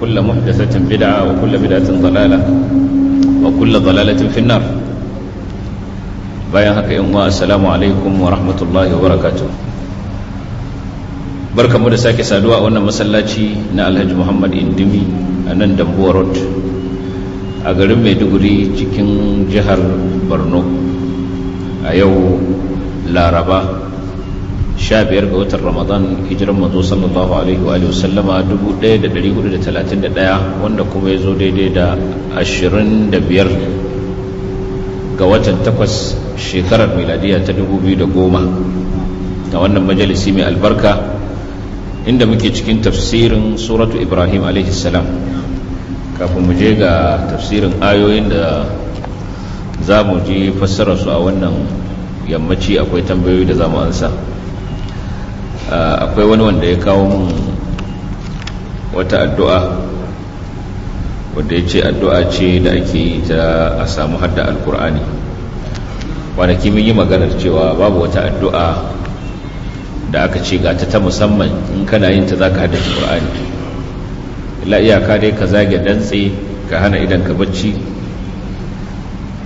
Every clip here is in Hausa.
وكل محدثة بدعة وكل بدعة ضلالة وكل ضلالة في النار bayan haka yan uwa assalamu alaikum wa rahmatullahi wa barakatuh barkamu da sake saduwa a wannan masallaci na Alhaji Muhammad Indimi a nan Dambuwa Road a garin Maiduguri cikin jihar Borno a yau Laraba sha ga watan ramadan hijiran manzo sallallahu alaihi wa sallama 1431 wanda kuma ya zo daidai da ashirin biyar ga watan takwas shekarar miladiya ta 2010 ta wannan majalisi mai albarka inda muke cikin tafsirin suratu ibrahim alaihi salam kafin muje ga tafsirin ayoyin da za mu ji fassararsu a wannan yammaci akwai tambayoyi da za mu ansa. Ah, akwai wani wanda ya kawo mun wata addu'a wadda ya ce addu'a ce da ake yi ta a samu hadda alkur'ani kwanaki mun yi maganar cewa babu wata addu'a da aka ce ga ta ta musamman in kana yin ta za ka haddace ƙur'ani la iyaka dai ka zage dantse ka hana idan ka bacci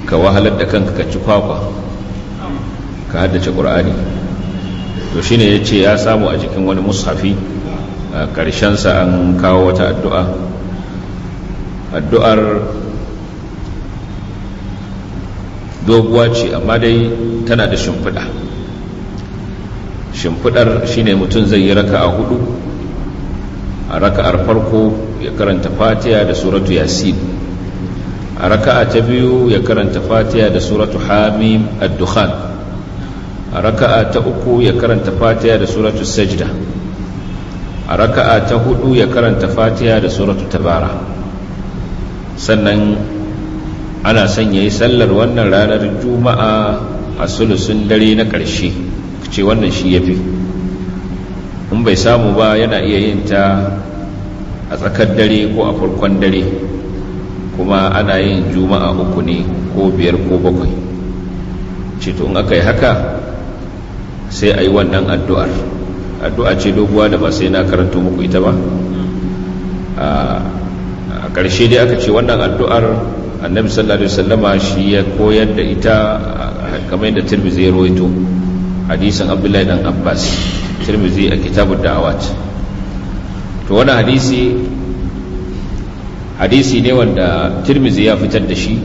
ka wahalar da kanka ka ci kwakwa ka haddace ƙur'ani to shi ne ya ce ya samu a jikin wani mushafi a ƙarshensa an kawo wata addu'a addu'ar doguwa ce amma dai tana da shimfiɗa shimfiɗar shi ne mutum zai yi raka a hudu a raka'ar farko ya karanta fatiya da suratu yasin a raka'a ta biyu ya karanta fatiya da suratu hamim ad-dukhan a raka'a ta uku ya karanta fatiha da suratu sajda a raka'a ta hudu ya karanta fatiha da suratul tabara sannan ana son yayi sallar wannan ranar juma'a a sulusun dare na ƙarshe ce wannan shi yafi in bai samu ba yana iya yin ta a tsakar dare ko a farkon dare kuma ana yin juma'a uku ne ko biyar ko bakwai ce to in aka yi haka sai a yi wannan addu'ar addu'a ce doguwa da ba sai na karanta muku ita ba a ƙarshe dai aka ce wannan addu'ar annabi sallallahu alaihi wasallama shi ya koyar da ita kamar yadda tirmidhi ya roito hadisin abdullahi dan abbas tirmidhi a kitabun da'awat to wani hadisi hadisi ne wanda tirmizi ya fitar da shi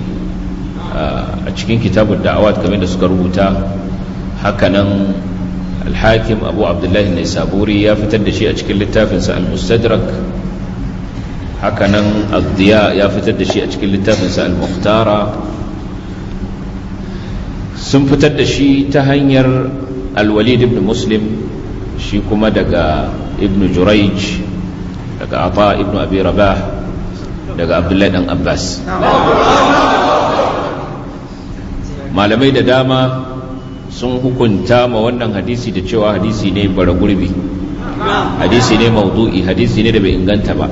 a cikin kitabun da'awat kamar da suka rubuta hakanan alhakim abu abdullahi ne ya fitar da shi a cikin littafinsa al-mustadrak hakanan abdiya ya fitar da shi a cikin littafinsa al-muhtara sun fitar da shi ta hanyar al-walid ibn muslim shi kuma daga ibn juraij daga ata ibn abi daga abdullahi dan abbas malamai da dama sun hukunta ma wannan hadisi da cewa hadisi ne bara gurbi hadisi ne maudu'i hadisi ne da bai inganta ba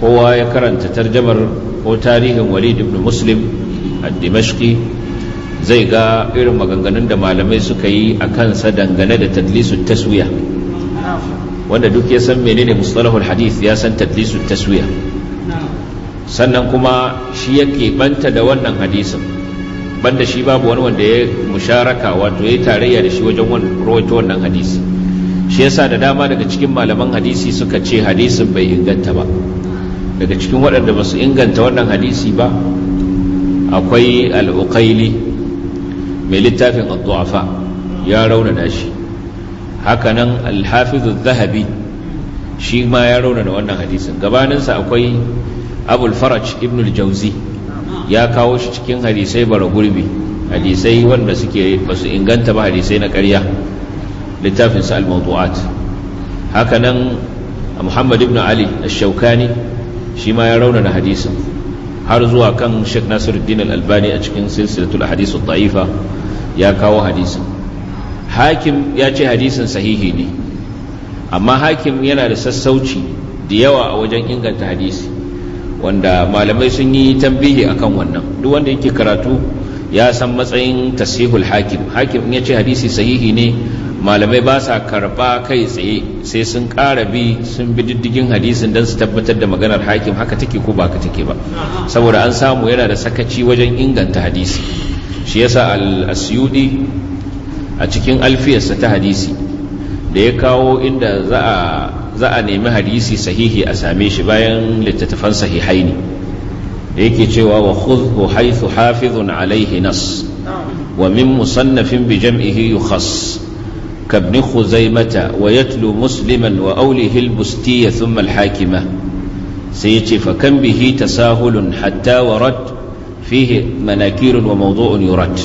kowa ya karanta tarjamar ko tarihin walid ibn muslim a dimashqi zai ga irin maganganun da malamai suka yi a kansa dangane da tadlisu taswiya wanda duk ya san menene mustalahul hadith ya san tadlisu taswiya sannan kuma shi yake banta da wannan hadisin banda shi babu wani wanda ya musharaka wato ya tarayya da shi wajen rawaito wannan hadisi shi yasa da dama daga cikin malaman hadisi suka ce hadisin bai inganta ba daga cikin waɗanda ba su inganta wannan hadisi ba akwai al'uƙaili mai littafin addu'afa ya raunana shi Haka hakanan alhafizu zahabi shi ma ya rauna raunana wannan hadisin gabaninsa akwai abul faraj ibn jauzi ya kawo shi cikin hadisai bara gurbi hadisai wanda suke basu inganta ba hadisai na ƙarya littafin sa al-mawdu'at haka nan Muhammad ibn Ali ash-Shawkani shi ma ya raunana hadisin har zuwa kan Sheikh Nasiruddin al-Albani a cikin silsilatul ahadith ad-da'ifa ya kawo hadisin hakim ya ce hadisin sahihi ne amma hakim yana da sassauci da yawa a wajen inganta hadisi wanda malamai sun yi tambihi akan wannan duk wanda yake karatu ya san matsayin tasihul hakim hakim in ya ce hadisi sahihi ne malamai ba sa karba kai tsaye sai sun ƙara bi sun bi diddigin hadisin don su tabbatar da maganar hakim haka take ko ba ka take ba saboda an samu yana da sakaci wajen inganta hadisi shi yasa al-asyudi a cikin alfiyarsa ta hadisi da ya kawo inda za a za a nemi hadisi sahihi a same shi bayan littattafan sahihai ne da yake cewa wa khudhu haythu hafizun alayhi nas wa min musannafin bi jam'ihi yukhas ka ibn khuzaimata wa yatlu musliman wa aulihi al-bustiyya thumma sai yace fa kan bihi tasahulun hatta warad fihi manakirun wa mawdu'un yurad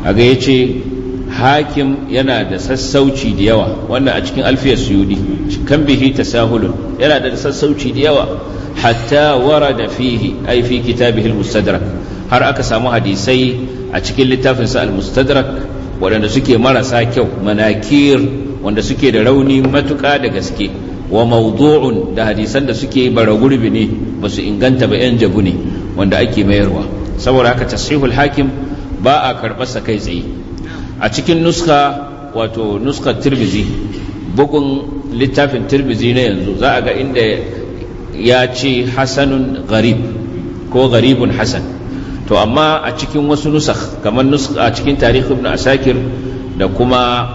aga yace hakim yana da sassauci da yawa wannan a cikin alfiyar suyudi kan bihi sahulun yana da sassauci da yawa hatta wara fihi ai fi kitabihi al-mustadrak har aka samu hadisai a cikin littafin sa al-mustadrak waɗanda suke marasa kyau manakir wanda suke da rauni matuƙa da gaske wa mawdu'un da hadisan da suke bara gurbi ne ba su inganta ba yan jabu ne wanda ake mayarwa saboda haka tasihul hakim ba a karbarsa kai tsaye a cikin nuska wato nuskar tirbizi bugun littafin tirbizi na yanzu za a ga inda ya ce hasanun garib ko garibun hasan to amma a cikin wasu nusak kamar a cikin tarihi ibn asakir da kuma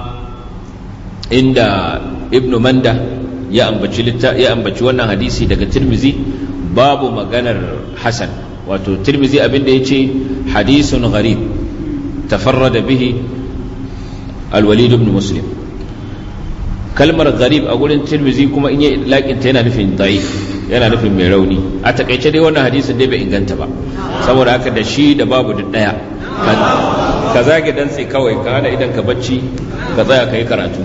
inda ibn manda ya ambaci ya ambaci wannan hadisi daga tirmizi babu maganar hasan wato tirmizi abinda ya ce hadisun tafarra da bihi al بن مسلم kalmar garib a gurin tirmizi kuma in yi laƙinta yana nufin da'if yana nufin mai rauni a takaice dai wannan hadisin dai bai inganta ba saboda haka da shi da babu duk ɗaya ka zage dantse kawai ka hana idan ka bacci ka tsaya ka yi karatu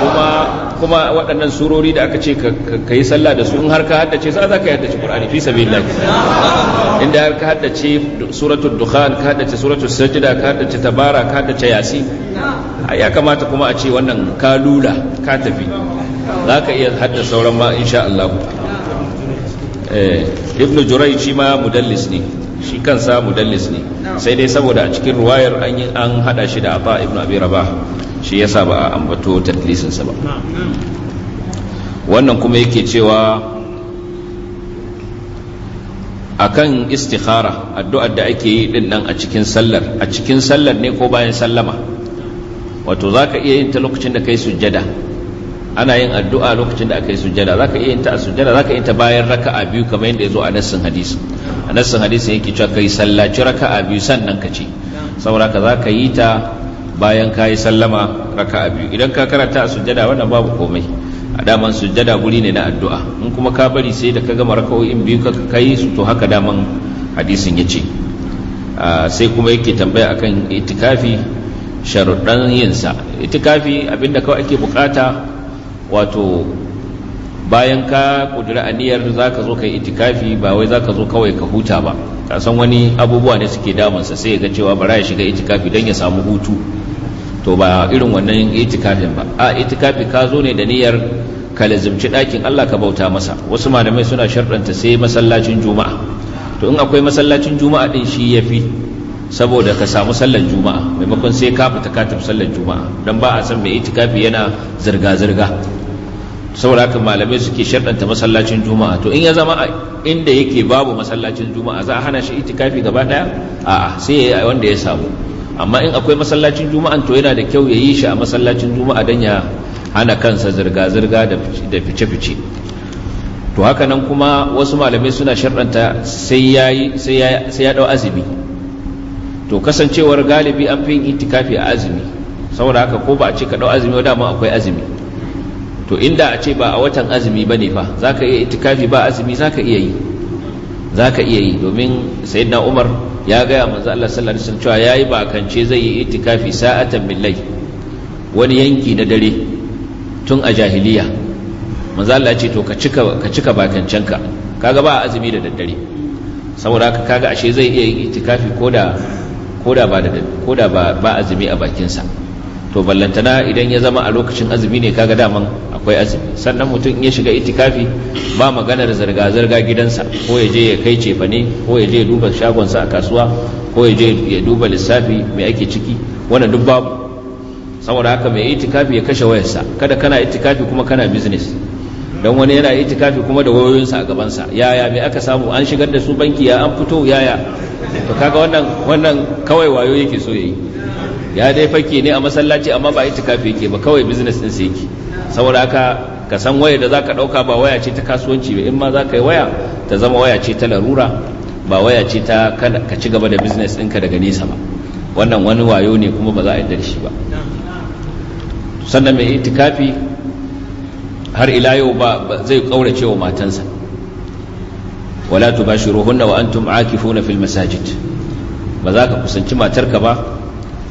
kuma kuma waɗannan surori da aka ce ka yi sallah da su in har ka haddace su za ka yi haddace qur'ani fi sabilillah inda har ka haddace suratul dukhan ka haddace suratul sajda ka haddace tabara ka haddace yasi ya kamata kuma a ce wannan kalula ka tafi za ka iya haddace sauran ma insha Allah Eh, ibn jurai shi ma mudallis ne shi kansa mudallis ne sai dai saboda a cikin ruwayar an an hada shi da ata ibn abi rabah shi yasa ba a ambato tadlisin sa ba wannan kuma yake cewa akan istikhara addu'ar da ake yi din nan a cikin sallar a cikin sallar ne ko bayan sallama wato zaka iya yin ta lokacin da kai sujjada ana yin addu'a lokacin da aka yi sujjada zaka iya yin ta a sujjada zaka iya ta bayan raka'a biyu kamar yadda zo a nassin hadisi a nassin hadisi yake cewa kai sallaci raka'a biyu sannan ka ce saboda ka zaka yi ta bayan ka yi sallama raka'a biyu idan ka karanta sujada sujjada wannan babu komai a daman sujada guri ne na addu'a in kuma ka bari sai da ka gama raka'o'in biyu ka kai su to haka daman hadisin ya ce sai kuma yake tambaya akan itikafi sharuɗan yinsa itikafi abinda kawai ake bukata wato bayan ka kudura aniyar za ka zo ka yi itikafi ba wai za ka zo kawai ka huta ba ka san wani abubuwa ne suke damansa sai ga cewa bara ya shiga itikafi don ya samu hutu to ba irin wannan itikafin ba a itikafi ka zo ne da niyyar ka lazimci ɗakin Allah ka bauta masa wasu malamai suna sharɗanta sai masallacin juma'a to in akwai masallacin juma'a din shi ya fi saboda ka samu sallar juma'a maimakon sai ka fita katin sallar juma'a don ba a san mai itikafi yana zirga-zirga saboda haka malamai suke sharɗanta masallacin juma'a to in ya zama inda yake babu masallacin juma'a za a hana shi itikafi gaba ɗaya a'a sai ya wanda ya samu amma in akwai masallacin juma'a to yana da kyau ya yi shi a masallacin juma'a don ya hana kansa zirga-zirga da fice-fice to haka nan kuma wasu malamai suna sharɗanta sai ya ɗau azumi to kasancewar galibi an fi yin itikafi a azumi saboda haka ko ba a ce ka ɗau azumi ba dama akwai azumi to inda a ce ba a watan azumi ba ne fa za ka iya itikafi ba azumi za ka iya yi za ka iya yi domin sayyidina umar ya gaya manzo Allah sallallahu alaihi wasallam cewa yayi ce zai yi itikafi sa'atan min lay wani yanki na dare tun a jahiliya manzo Allah ya ce to ka cika ka cika bakancenka kaga ba azumi da daddare saboda haka kaga ashe zai iya yin itikafi koda koda ba da koda ba ba azumi a bakinsa to ballantana idan ya zama a lokacin azumi ne kaga daman akwai azumi sannan mutum in ya shiga itikafi ba maganar zirga-zirga gidansa ko ya je ya kai cefa ne ko ya je ya duba shagonsa a kasuwa ko ya je ya duba lissafi mai ake ciki wannan duk babu saboda haka mai itikafi ya kashe wayarsa kada kana itikafi kuma kana business don wani yana itikafi kuma da wayoyinsa a gabansa yaya mai aka samu an shigar da su banki ya an fito yaya to kaga wannan wannan kawai wayo yake so yayi ya dai fake ne a masallaci amma ba itikafi yake ba kawai business din sa yake saboda haka ka san waya da zaka dauka ba waya ce ta kasuwanci ba in ma zaka yi waya ta zama waya ce ta larura ba waya ce ta ka ci gaba da business ɗinka daga nesa ba wannan wani wayo ne kuma ba za a yi da shi ba sannan mai itikafi har ila yau ba zai kaurace wa matansa wala tubashiruhunna wa antum akifuna fil masajid ba za ka kusanci matarka ba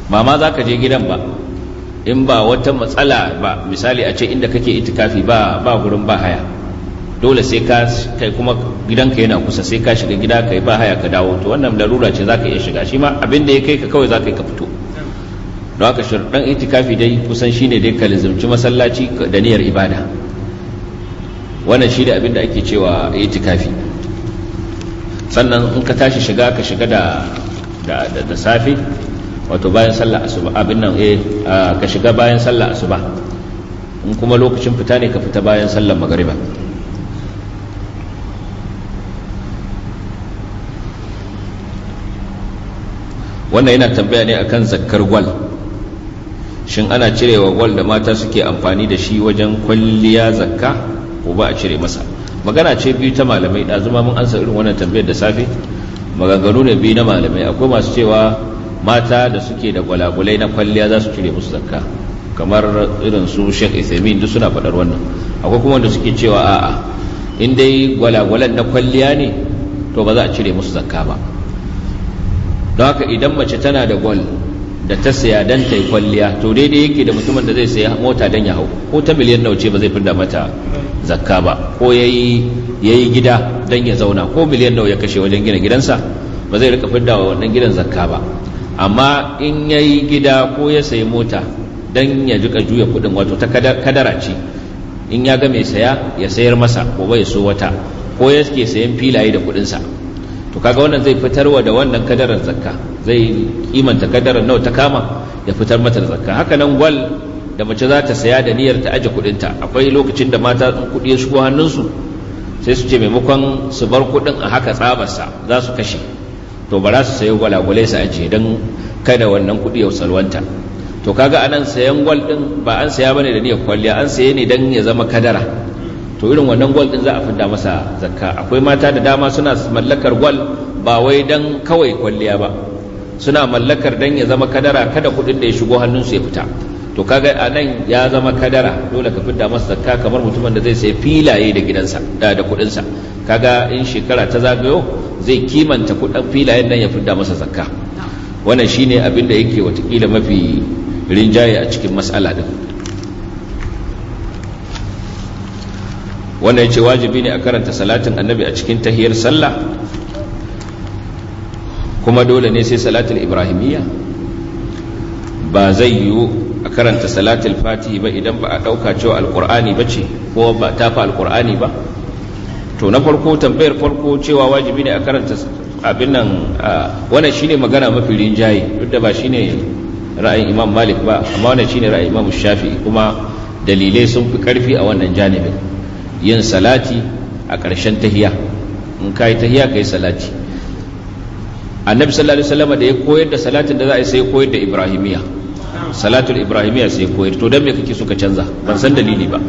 ba ma za ka je gidan ba in ba wata matsala ba misali a ce inda kake itikafi ba ba gurin ba haya dole sai ka kai kuma gidanka yana kusa sai ka shiga gida kai ba haya ka dawo to wannan larura ce zaka iya shiga shi ma abin da ya kai ka kawai zaka yi ka fito don haka shirɗan itikafi dai kusan shine dai ka masallaci da niyyar ibada wannan shi da abin da ake cewa itikafi sannan in ka tashi shiga ka shiga da da safe wato bayan sallah asuba abin nan eh ka shiga bayan sallah asuba in kuma lokacin fita ne ka fita bayan sallar magariba wannan yana tambaya ne akan zakkar gwal shin ana cirewa gwal da mata suke amfani da shi wajen kwalliya zakka ko ba a cire masa magana ce biyu ta malamai zuma mun ansa irin wannan tambayar da safe maganganu ne biyu na malamai akwai masu cewa mata da suke da gwalagwalai na kwalliya za su cire musu zakka kamar irin su Sheikh Isamin duk suna faɗar wannan akwai kuma wanda suke cewa a'a in dai gwalagwalan na kwalliya ne to ba za a cire musu zakka ba don haka idan mace tana da gwal da ta saya dan ta yi kwalliya to daidai yake da mutumin da zai saya mota dan ya hau ko ta miliyan nauce ba zai fidda mata zakka ba ko yayi yayi gida dan ya zauna ko miliyan nawa ya kashe wajen gina gidansa ba zai rika fidda wa wannan gidan zakka ba amma in ya yi gida ko ya sayi mota don ya jika juya kudin wato ta kadara ce in ya ga mai saya ya sayar masa ko ya so wata ko ya ke sayan filaye da kudinsa to kaga wannan zai fitarwa da wannan kadarar zakka zai kimanta kadarar nawa ta kama ya fitar mata da zakka haka nan gwal da mace za ta saya da niyyar ta aje ta akwai lokacin da mata kudi ya shigo hannunsu sai su ce maimakon su bar kudin a haka tsabarsa za su kashe to ba za su sayi gwalagwalai su ajiye don kada wannan kuɗi ya salwanta to kaga anan sayan gwal din ba an saya bane da niyyar kwalliya an saye ne dan ya zama kadara to irin wannan gwal din za a fidda masa zakka akwai mata da dama suna mallakar gwal ba wai dan kawai kwalliya ba suna mallakar dan ya zama kadara kada kuɗin da ya shigo su ya fita to kaga anan ya zama kadara dole ka fidda masa zakka kamar mutumin da zai sayi filaye da gidansa da da kuɗinsa kaga in shekara ta zagayo zai kimanta kudin filayen nan ya fidda masa zakka wannan shine abin da yake watakila mafi rinjaye a cikin matsala din wannan ce wajibi ne a karanta salatin annabi a cikin tahiyar sallah kuma dole ne sai salatul ibrahimiyya ba zai yiwu a karanta salatul fatihi ba idan ba a ɗauka cewa alƙur'ani ba ce ko ba tafa alƙur'ani ba to na farko tambayar farko cewa wajibi ne a karanta abin nan wannan shine magana mafi rinjaye duk da ba shine ra'ayin imam malik ba amma wannan shine ra'ayin imam shafi'i kuma dalilai sun fi karfi a wannan janibin yin salati a ƙarshen tahiya in kai tahiya kai salati annabi sallallahu alaihi wasallam da ya koyar da salatin da za a yi sai koyar da ibrahimiya salatul ibrahimiya sai koyar to dan me kake suka canza ban san dalili ba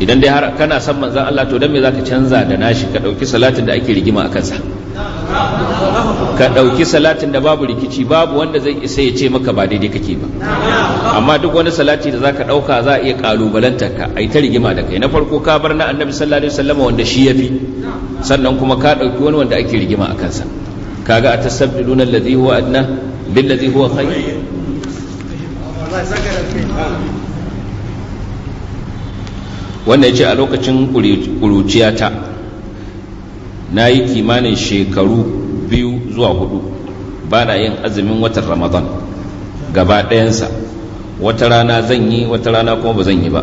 idan dai har kana san manzan Allah to dan me zaka canza da nashi ka dauki salatin da ake rigima a kansa ka dauki salatin da babu rikici babu wanda zai isa ya ce maka ba daidai kake ba amma duk wani salati da zaka dauka za a iya kalubalantar ka ai ta rigima da kai na farko ka bar na annabi sallallahu alaihi wasallam wanda shi yafi sannan kuma ka dauki wani wanda ake rigima a kansa kaga atasabbiluna alladhi huwa adna billadhi huwa khayr wannan ce a lokacin ta na yi kimanin shekaru biyu zuwa hudu ba na yin azumin watan ramadan gaba ɗayansa wata rana zan yi wata rana kuma ba zan yi ba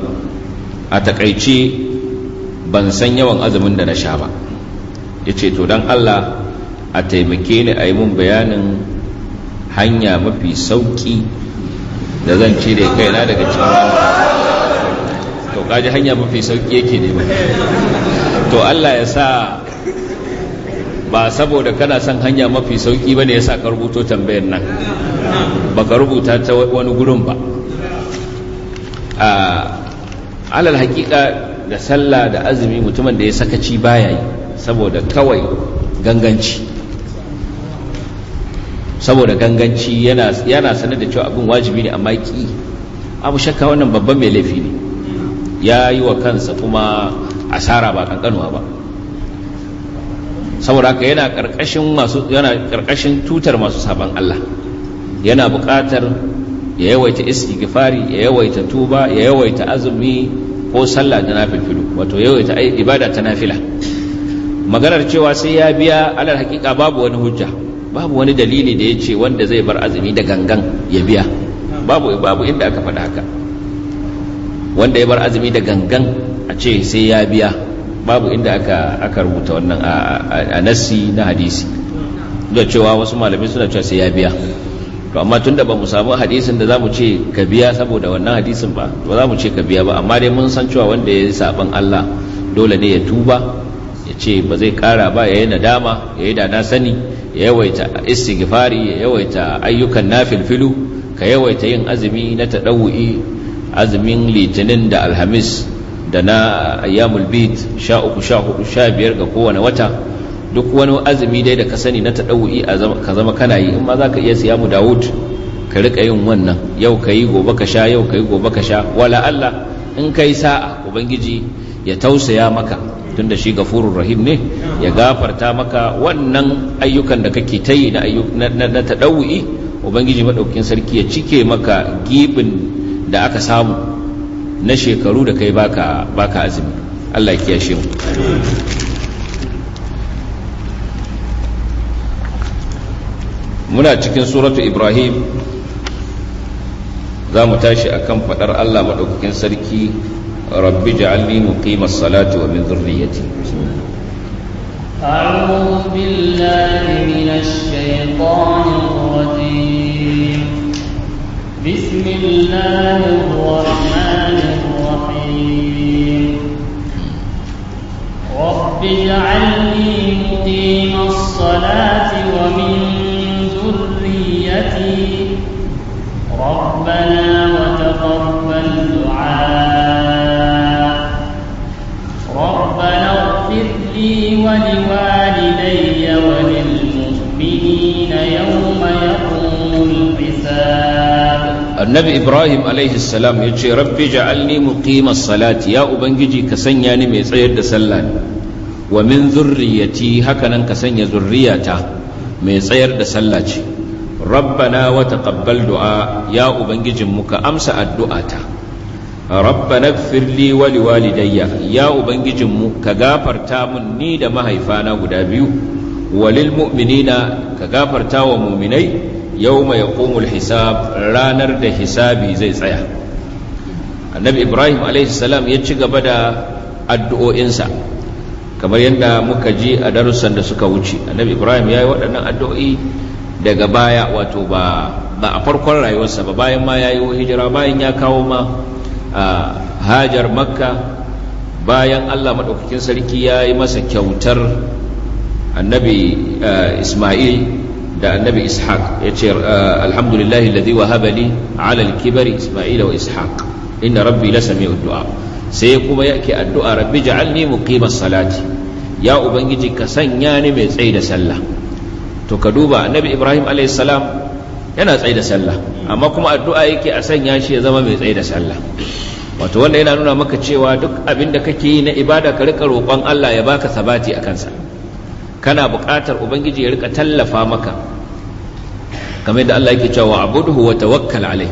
a takaice ban san yawan azumin da na sha ba ya ce to don allah a taimake ni a yi mun bayanin hanya mafi sauƙi da zan cire kaina daga cikin to kaji hanya mafi sauki yake ne to Allah ya sa ba saboda kana son hanya mafi sauki ba ne ya sa ka rubuto tambayar nan ba ka rubuta ta wani gurin ba alal hakika da sallah da azumi mutumin da ya sakaci baya yi saboda kawai ganganci saboda ganganci yana sanar da cewa abin wajibi ne amma ki abu shakka wannan babban mai laifi ne ya yi wa kansa kuma asara ba kankanuwa ba saboda haka yana karkashin masu yana karkashin tutar masu sabon Allah yana buƙatar ya yawaita gifari, ya yawaita tuba ya yawaita azumi ko sallah da nafilu wato yawaita ibada ta nafila maganar cewa sai ya biya alal hakika babu wani hujja babu wani dalili da ya ce wanda zai bar azumi da gangan ya biya babu babu inda aka faɗa haka wanda ya bar azumi da gangan a ce sai ya biya babu inda aka aka rubuta wannan a nassi na hadisi da cewa wasu malamai suna cewa sai ya biya to amma tunda ba mu samu hadisin da zamu ce ka biya saboda wannan hadisin ba ba zamu ce ka biya ba amma dai mun san cewa wanda ya saban Allah dole ne ya tuba ya ce ba zai kara ba ya yi nadama ya yi da na sani ya yawaita istighfari ya yawaita ayyukan nafilfilu ka yawaita yin azumi na taɗaui. azumin litinin da alhamis da na ayyamul bid sha uku sha hudu sha biyar ga kowane wata duk wani azumi dai da ka sani na taɗawu'i ka zama kana yi in ma za ka iya mu dawud ka riƙa yin wannan yau ka yi gobe ka sha yau ka yi gobe ka sha wala Allah in ka yi sa'a ubangiji ya tausaya maka tunda shi gafurur rahim ne ya gafarta maka wannan ayyukan da kake ta yi na na taɗawu'i ubangiji maɗaukin sarki ya cike maka gibin da aka samu na shekaru da kai baka azumi Allah ya kiyashe mu muna cikin suratu ibrahim za mu tashi a kan faɗar Allah madaukakin sarki rabbi ja'alni muqimas salatu wa min dhurriyyati أعوذ بالله من الشيطان الرجيم بسم الله الرحمن الرحيم رب اجعلني مقيم الصلاة ومن ذريتي ربنا وتقبل دعاء ربنا اغفر لي ولوالدي ولوالدي annabi ibrahim alaihi salam ya ce rabbi ja'alni muqimas salati ya ubangiji ka sanya ni mai tsayar da sallah wa min zurriyati hakanan ka sanya zurriyata mai tsayar da sallah ce rabbana wa taqabbal du'a ya ubangijin ka amsa addu'ata rabbana firli wa liwalidayya ya ubangijin mu ka gafarta mun ni da mahaifana guda biyu walil mu'minina ka gafarta wa mu'minai yawma yaqumul hisab ranar da hisabi zai tsaya annabi ibrahim alaihi salam ya ci gaba da addu'o'insa kamar yadda muka ji a darussan da suka wuce annabi ibrahim ya yi waɗannan addu'o'i daga baya wato ba ba a farkon rayuwarsa ba bayan ma ya yi hijira bayan ya kawo ma hajar makka bayan allah maɗaukakin sarki ya yi masa kyautar annabi isma'il da annabi ishaq ya ce ah, alhamdulillahi alladhi wahaba habali alal kibari isma'ila wa ishaq inda rabbi la du'a sai kuma yake addu'a rabbi ja'alni muqimas salati ya ubangiji ka sanya ni mai tsayi da sallah to ka duba annabi ibrahim alayhi salam yana tsayi da sallah amma kuma addu'a yake a sanya shi ya zama mai tsayi da sallah wato wanda yana nuna maka cewa duk abin da kake yi na ibada ka rika roƙon Allah ya baka sabati a kansa kana buƙatar ubangiji ya rika tallafa maka kamar da Allah yake cewa abuduhu wa tawakkal alai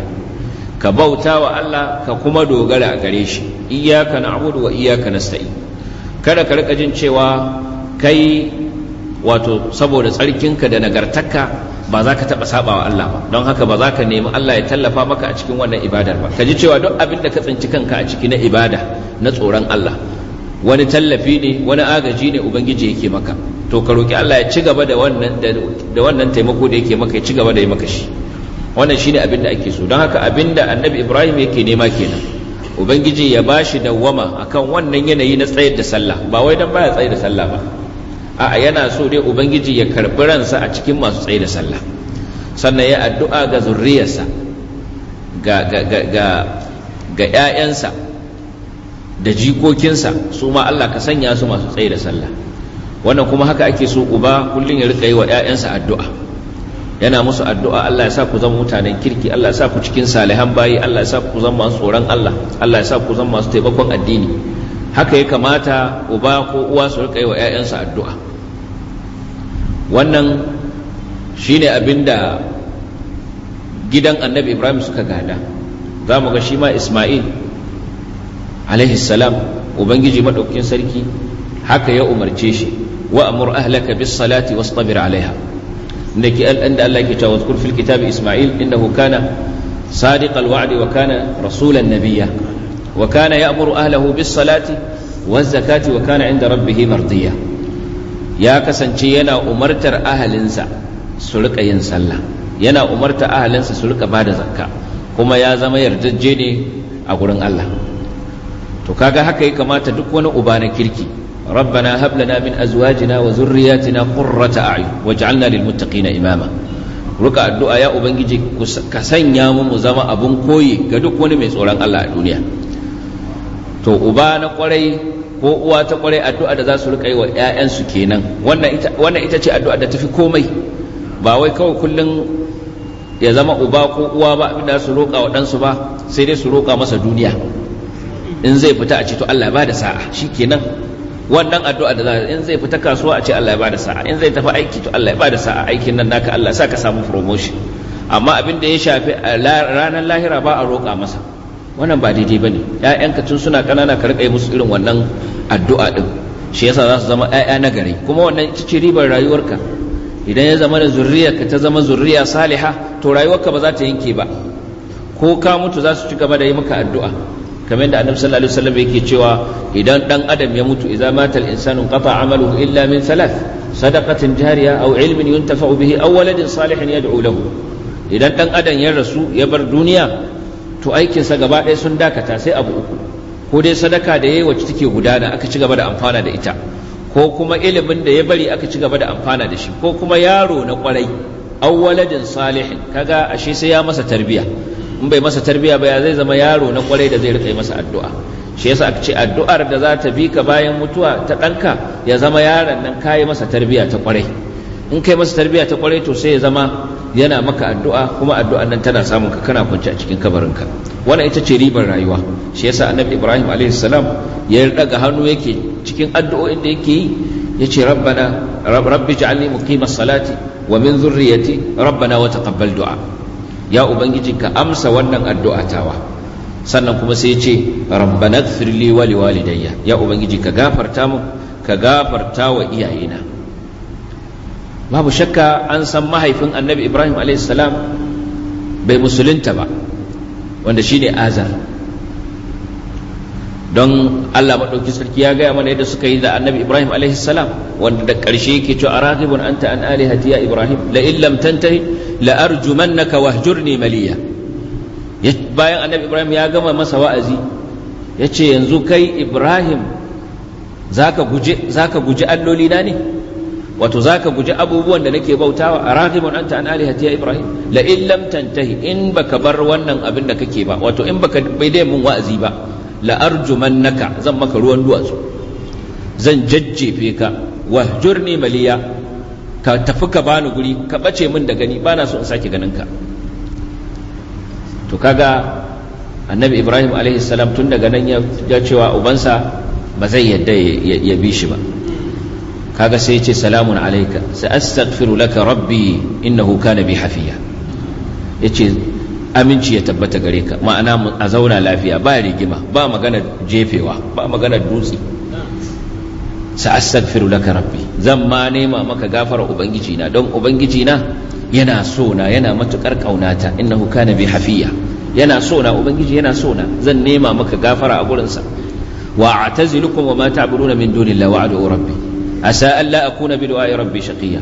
ka bauta wa Allah ka kuma dogara a gare shi iyyaka na'budu wa iyyaka nasta'in kada ka rika jin cewa kai wato saboda tsarkinka da nagartarka ba za ka taɓa saɓa wa Allah ba don haka ba za ka nemi Allah ya tallafa maka a cikin wannan ibadar ba ka ji cewa duk abin da ka tsinci kanka a ciki na ibada na tsoron Allah wani tallafi ne wani agaji ne ubangiji yake maka to ka roki Allah ya ci gaba da wannan taimako da yake maka ya ci gaba da yi maka shi wannan shine abin da ake so don haka abin da annabi Ibrahim yake nema kenan ubangiji ya bashi dawwama akan wannan yanayi na tsayar da sallah ba wai dan baya tsayar da sallah ba a'a yana so dai ubangiji ya karbi ransa a cikin masu tsayar da sallah sannan ya addu'a ga zurriyarsa ga ga ƴaƴansa da jikokinsa su ma Allah ka sanya su masu tsayar da sallah wannan kuma haka ake so uba kullum ya rika yi wa 'ya'yansa addu'a yana musu addu'a Allah ya sa ku zama mutanen kirki Allah ya sa ku cikin salihan bayi Allah ya sa ku zama masu tsoron Allah Allah ya sa ku zama masu taimakon addini haka ya kamata uba ko uwa su rika yi wa 'ya'yansa addu'a wannan shine abinda gidan annabi ibrahim suka gada za mu ga shi ma isma'il alaihi salam ubangiji maɗaukin sarki haka ya umarce shi وأمر أهلك بالصلاة واصطبر عليها عندك أن الله كتاب واذكر في الكتاب إسماعيل إنه كان صادق الوعد وكان رسولا نبيا وكان يأمر أهله بالصلاة والزكاة وكان عند ربه مرضيا يا كسنجي ينا أمرتر أهل إنسا سلك ينسلا ينا أمرت أهل إنسا سلك بعد زكاة كما يا زمير دجيني أقول الله to kaga haka ya kamata duk wani uba na kirki ربنا هب لنا من أزواجنا وذرياتنا قرة أعين واجعلنا للمتقين إماما ruka addu'a ya ubangiji ka sanya mu mu zama abun koyi ga duk wani mai tsoron Allah a duniya to uba na kwarai ko uwa ta kwarai addu'a da za su rika yi wa 'ya'yansu kenan wannan ita ce addu'a da tafi komai ba wai kawai kullum ya zama uba ko uwa ba abin su roƙa wa ɗansu ba sai dai su roƙa masa duniya in zai fita a ce to Allah ba da sa'a shikenan wannan addu'a da za in zai fita kasuwa a ce Allah ya bada sa'a in zai tafi aiki to Allah ya bada sa'a aikin nan naka Allah sa ka samu promotion amma abin da ya shafi eh, ranar lahira ba a roƙa masa wannan ba daidai bane ƴaƴanka tun suna kanana ka riƙa yi musu irin wannan addu'a din shi yasa za su zama ƴaƴa na gari kuma wannan ita ce ribar rayuwarka idan ya zama da zuriyarka ta zama zurriya saliha to rayuwarka ba za ta yanke ba ko ka mutu za su ci gaba da yi maka addu'a kamar yadda annabi sallallahu alaihi wasallam yake cewa idan dan adam ya mutu idza mata al insanu qata amaluhu illa min thalath sadaqatin jariya aw ilmin yuntafa'u bihi aw waladin salihin yad'u lahu idan dan adam ya rasu ya bar duniya to aikinsa gaba ɗaya sun dakata sai abu uku ko dai sadaka da yayi wacce take gudana aka ci gaba da amfana da ita ko kuma ilimin da ya bari aka ci gaba da amfana da shi ko kuma yaro na kwarai aw waladin salihin kaga ashe sai ya masa tarbiyya in bai masa tarbiya ba ya zai zama yaro na kwarai da zai rika masa addu'a shi yasa aka ce addu'ar da za ta bi ka bayan mutuwa ta ɗanka ya zama yaron nan yi masa tarbiya ta kwarai in kai masa tarbiya ta kwarai to sai ya zama yana maka addu'a kuma addu'an nan tana samun ka kana kwance a cikin kabarinka wannan ita ce ribar rayuwa shi yasa annabi ibrahim alaihi salam ya daga hannu yake cikin addu'o'in da yake yi yace rabbana rabbi ja'alni muqimas salati wa min zurriyyati rabbana wa taqabbal du'a ya ubangiji ka amsa wannan addu'a tawa sannan kuma sai ya ce rabbana li wali walidayya ya ubangiji ka gafarta mu ka gafarta wa iyayena babu shakka an san mahaifin annabi ibrahim salam bai musulunta ba wanda shine azar don Allah maɗauki sarki ya gaya mana yadda suka yi da annabi Ibrahim alaihi salam wanda da ƙarshe yake cewa araqibun anta an ta'an alihati ya Ibrahim la in lam tantahi la arjumannaka wahjurni maliya bayan annabi Ibrahim ya gama masa wa'azi ya ce yanzu kai Ibrahim za ka guji alloli na ne wato za ka guji abubuwan da nake bautawa araqibun anta an ta'an alihati ya Ibrahim la in lam tantahi in baka bar wannan abin da kake ba wato in baka bai dai mun wa'azi ba naka zan maka ruwan duwatsu zan jajjefe ka wahjurni maliya ka tafi ka bani guri ka bace min da gani bana so in sake ganin ka to kaga annabi ibrahim alaihi salam tun daga nan ya cewa ubansa ba zai yadda ya bi shi ba kaga sai ce salamun alaika sa'astaghfiru laka rabbi innahu kana bi hafiya yace aminci ya tabbata gare ka ma'ana a zauna lafiya ba rigima ba magana jefewa ba magana dutse sa'astaghfiru laka rabbi zan ma nema maka gafara ubangiji na don ubangiji na yana so na yana matukar kaunata innahu kana bi hafiya yana so na ubangiji yana so na zan nema maka gafara a gurinsa wa a'tazilukum wa ma ta'buduna min dunillahi a a'udhu rabbi asa an la akuna bi du'a'i rabbi shaqiya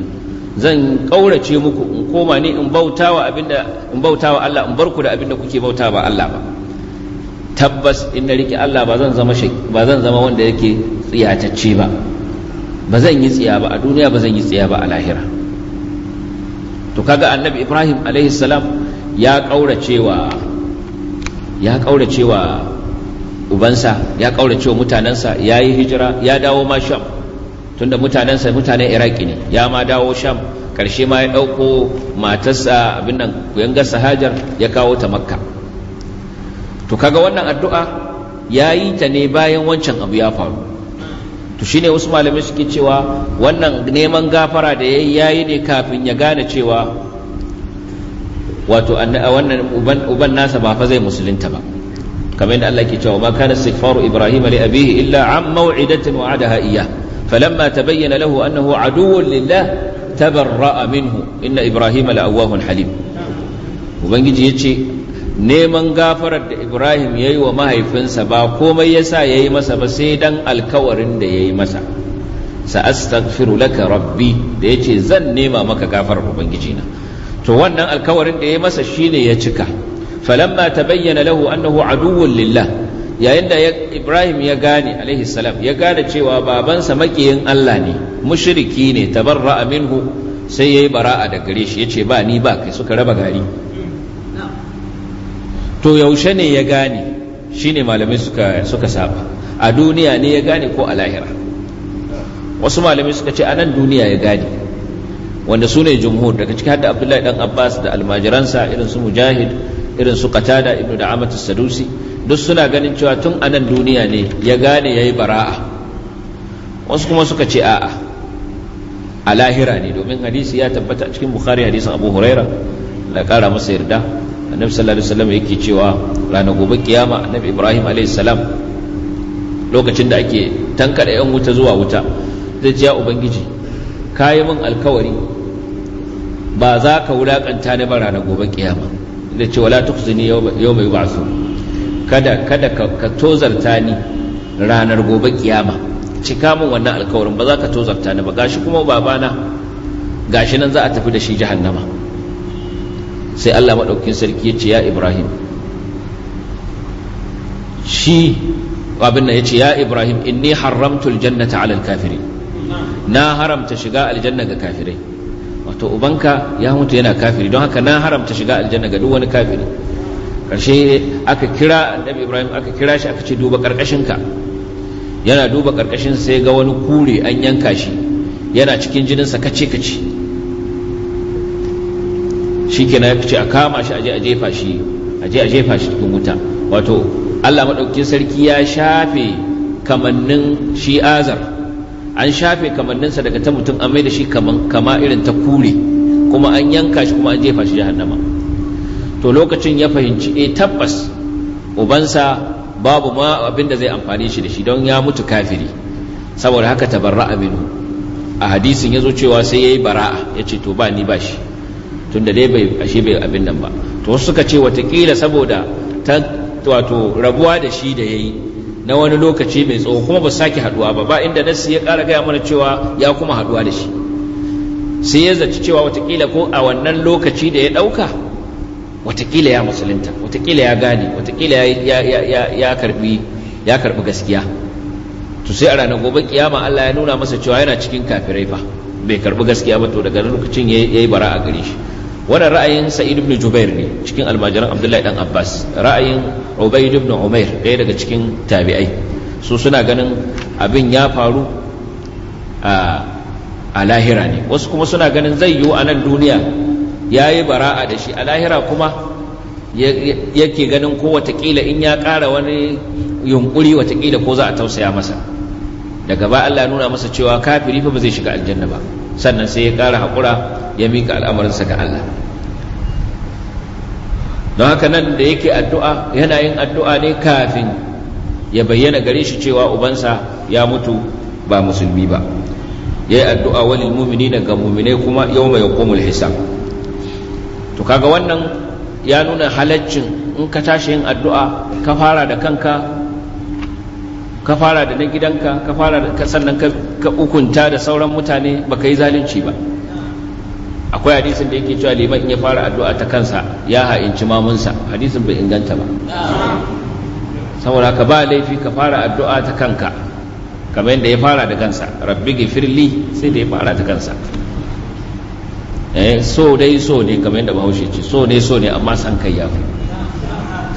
zan ƙaurace muku in koma ne in bautawa abinda in bautawa Allah in barku da abinda kuke bauta ba Allah ba tabbas in na rike Allah ba zan zama ba zan zama wanda yake tsiyatacce ba ba zan yi tsiya ba a duniya ba zan yi tsiya ba a lahira to kaga annabi Ibrahim alaihi salam ya ƙauracewa ya ƙauracewa ubansa ya ƙauracewa mutanensa ya yi hijira ya dawo masham tunda mutanensa mutanen iraki ne ya ma dawo sham karshe ma ya dauko matarsa abin nan kuyangar hajar ya kawo ta makka to kaga wannan addu'a ya yi ta ne bayan wancan abu ya faru to shine wasu malamai suke cewa wannan neman gafara da ya yi ne kafin ya gane cewa wato wannan uban nasa ba fa zai musulunta ba kamar yadda Allah ke cewa ma kana istighfaru ibrahim li abihi illa an maw'idatin wa'adaha iyyah فلما تبين له أنه عدو لله تبرأ منه إن إبراهيم لأواه حليم وبنجي يتشي neman gafarar da Ibrahim ya yi wa mahaifinsa ba komai ya sa ya yi masa ba sai dan alkawarin da ya yi masa sa'astaghfiru laka rabbi da ya ce zan nema maka gafarar na. to wannan alkawarin da ya yi masa shine ya cika falamma tabayyana lahu annahu aduwwun lillah yayin da ibrahim ya gane alaihi salam ya gane cewa babansa makiyin allah ne mushriki ne tabarra minhu sai ya yi bara'a da gare shi ya ce ba ni ba kai suka raba gari to yaushe ne ya gane shine malamai suka suka saba a duniya ne ya gane ko a lahira wasu malamai suka ce a nan duniya ya gane wanda su ne jumhur daga ciki hadda abdullahi dan abbas da almajiransa irin su mujahid irin su qatada ibnu da amatu sadusi duk suna ganin cewa tun a nan duniya ne ya gane ya yi bara'a wasu kuma suka ce a'a a lahira ne domin hadisi ya tabbata a cikin bukhari hadisin abu huraira da kara masa yarda annabi sallallahu alaihi wasallam yake cewa ranar gobe kiyama annabi ibrahim alaihi salam lokacin da ake tankada yan wuta zuwa wuta zai ce ya ubangiji ka yi min alkawari ba za ka wulakanta ni ba ranar gobe kiyama da ce wala tukhzini yawma yub'athun kada kada ka tozarta ni ranar gobe kiyama cika min wannan alkawarin ba za ka tozarta ni ba gashi kuma babana gashi nan za a tafi da shi jahannama sai Allah maɗaukin sarki ya ce ya Ibrahim shi abin nan ya ce ya Ibrahim inni haramtul jannata alal kafiri na haramta shiga aljanna ga kafirai wato ubanka ya mutu yana kafiri don haka na haramta shiga aljanna ga duk wani kafiri ƙarshe aka kira annabi ibrahim aka kira shi aka ce duba ka yana duba ƙarƙashin sai ga wani kure an yanka shi yana cikin jininsa kace kace shi kenan ya ce a kama shi aje a jefa shi aje a jefa shi cikin wuta wato allah maɗaukin sarki ya shafe kamannin shi azar an shafe kamanninsa daga ta mutum an mai da shi kama irin ta kure kuma an yanka shi kuma an jefa shi jahannama to lokacin ya fahimci e tabbas ubansa babu ma abin zai amfani shi da shi don ya mutu kafiri saboda haka tabarra minhu a hadisin ya zo cewa sai ya yi bara'a ya ce to ba ni ba shi tunda dai bai ashe bai abin nan ba to wasu suka ce watakila saboda ta wato rabuwa da shi da ya yi na wani lokaci mai tsawo kuma ba sake haduwa ba ba inda nasu ya kara gaya mana cewa ya kuma haduwa da shi sai ya zaci cewa watakila ko a wannan lokaci da ya ɗauka. watakila ya musulunta watakila ya gane watakila ya karbi ya karbi gaskiya to sai a ranar gobe kiyama Allah ya nuna masa cewa yana cikin kafirai fa bai karbi gaskiya ba to daga lokacin yayi bara a gare shi wannan ra'ayin Sa'id ibn Jubair ne cikin almajiran Abdullahi dan Abbas ra'ayin Ubayd ibn Umair ɗaya daga cikin tabi'ai su suna ganin abin ya faru a lahira ne wasu kuma suna ganin zai yiwu a nan duniya ya yi bara'a da shi a lahira kuma yake ganin ko watakila in ya ƙara wani yunkuri watakila ko za a tausaya masa daga ba Allah nuna masa cewa kafiri fa ba zai shiga aljanna ba sannan sai ya ƙara haƙura ya mika al'amarinsa ga Allah don haka nan da yake addu'a yana yin addu'a ne kafin ya bayyana gare shi cewa ubansa ya mutu ba musulmi ba ya yi addu'a walil mumini daga muminai kuma yau mai hukumul hisab to kaga wannan ya nuna halaccin in ka tashi yin addu'a ka fara da kanka ka fara da na gidanka ka fara da sannan ka ukunta da sauran mutane baka yi zalunci ba akwai hadisin da yake cewa liman in ya fara addu'a ta kansa ya ha'inci mamunsa hadisin bai inganta ba saboda ka ba laifi ka fara addu'a ta kanka kamar yadda ya fara da kansa rabbi gifirli sai da ya fara ta kansa Eh, so dai so ne kamar yadda bahaushe ce so ne so ne amma san kai ya fi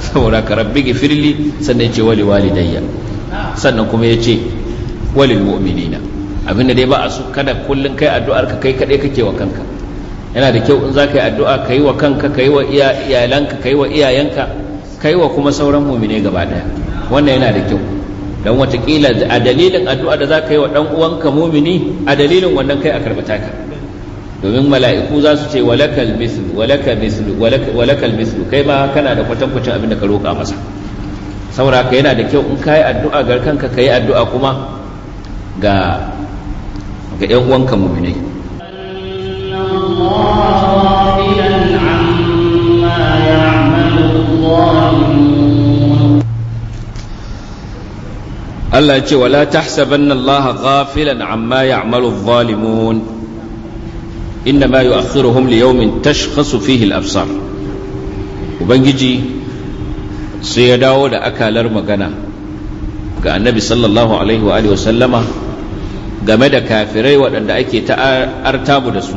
saboda ka rabbi gifirli sannan ce wali walidayya sannan kuma ya ce walil mu'minina abinda dai ba a su kada kullun kai addu'ar ka kai kadai kake wa kanka yana da kyau in za ka yi addu'a ka yi wa kanka ka yi wa iyalanka ka yi wa iyayenka ka yi wa kuma sauran mumine gaba daya wannan yana da kyau don watakila a dalilin addu'a da za ka yi wa ɗan uwanka mumini a dalilin wannan kai a karbata ka. domin mala'iku za su ce walakal mislu mislu walakal mislu kai ma kana da kwatankwacin abin da ka roƙa masa saboda ka yana da kyau in ka yi addu'a ga kanka ka yi addu'a kuma ga ga ‘yan uwanka muminai Allah ce wala tahsabanna Allah ghafilan amma ya'malu adh-dhalimun إنما يؤخرهم ليوم تشخص فيه الأبصار وبنجي سيداو دا أكالر مغانا ga annabi sallallahu alaihi wa alihi sallama game da kafirai waɗanda ake ta artabu da su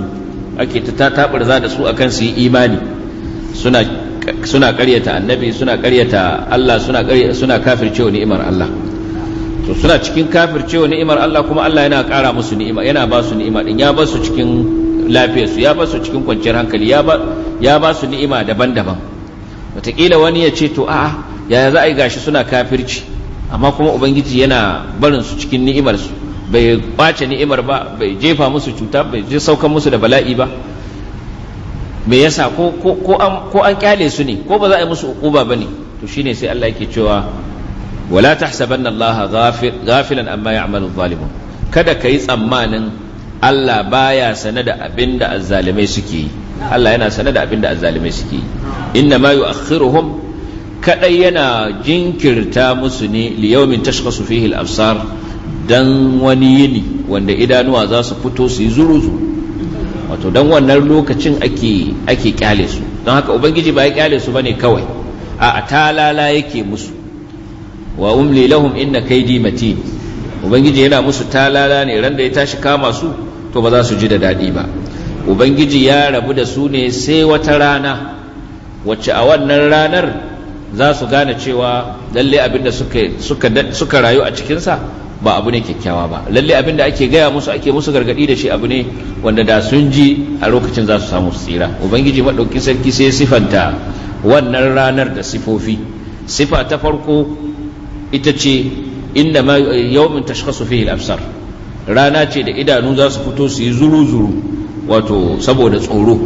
ake ta tabarza da su akan su yi imani suna suna ƙaryata annabi suna ƙaryata Allah suna suna kafircewa ni'imar Allah to suna cikin kafircewa ni'imar Allah kuma Allah yana ƙara musu ni'ima yana ba su ni'ima din ya ba su cikin lafiyarsu ya ba su cikin kwanciyar hankali ya ba su ni'ima daban-daban wataƙila wani ya ce to a'a yaya za a yi gashi suna kafirci amma kuma ubangiji yana barin su cikin ni'imarsu bai kwace ni'imar ba bai jefa musu cuta bai je saukan musu da bala'i ba me yasa ko an kyale su ne ko ba za a yi musu ƙuba ba ne to shine sai Allah yake cewa wala tahsabanna Allah ghafilan amma ya'malu zalimun kada ka yi tsammanin Allah baya sane da abin da azzalimai suke yi Allah yana sane da abin da azzalimai suke yi inna ma yu'akhiruhum kadai yana jinkirta musu ne li yawmin tashkhasu fihi al-absar dan wani yini wanda idanuwa za su fito su yi zuruzu wato dan wannan lokacin ake ake kyale su don haka ubangiji ba ya kyale su bane kawai a talala yake musu wa umli lahum inna kaidi matin ubangiji yana musu talala ne ran da ya tashi kama su to ba za su ji da daɗi ba ubangiji ya rabu da su ne sai wata rana wacce a wannan ranar za su gane cewa lalle abin da suka rayu a cikinsa ba abu ne kyakkyawa ba lalle abin da ake gaya musu ake musu gargaɗi da shi abu ne wanda da sun ji a lokacin za su samu tsira ubangiji maɗauki sarki sai sifanta wannan ranar da sifofi sifa ta farko ita ce inda ma eh, yawmin tashkhasu fihi al-absar rana ce da idanu za su fito su yi zuru-zuru wato saboda tsoro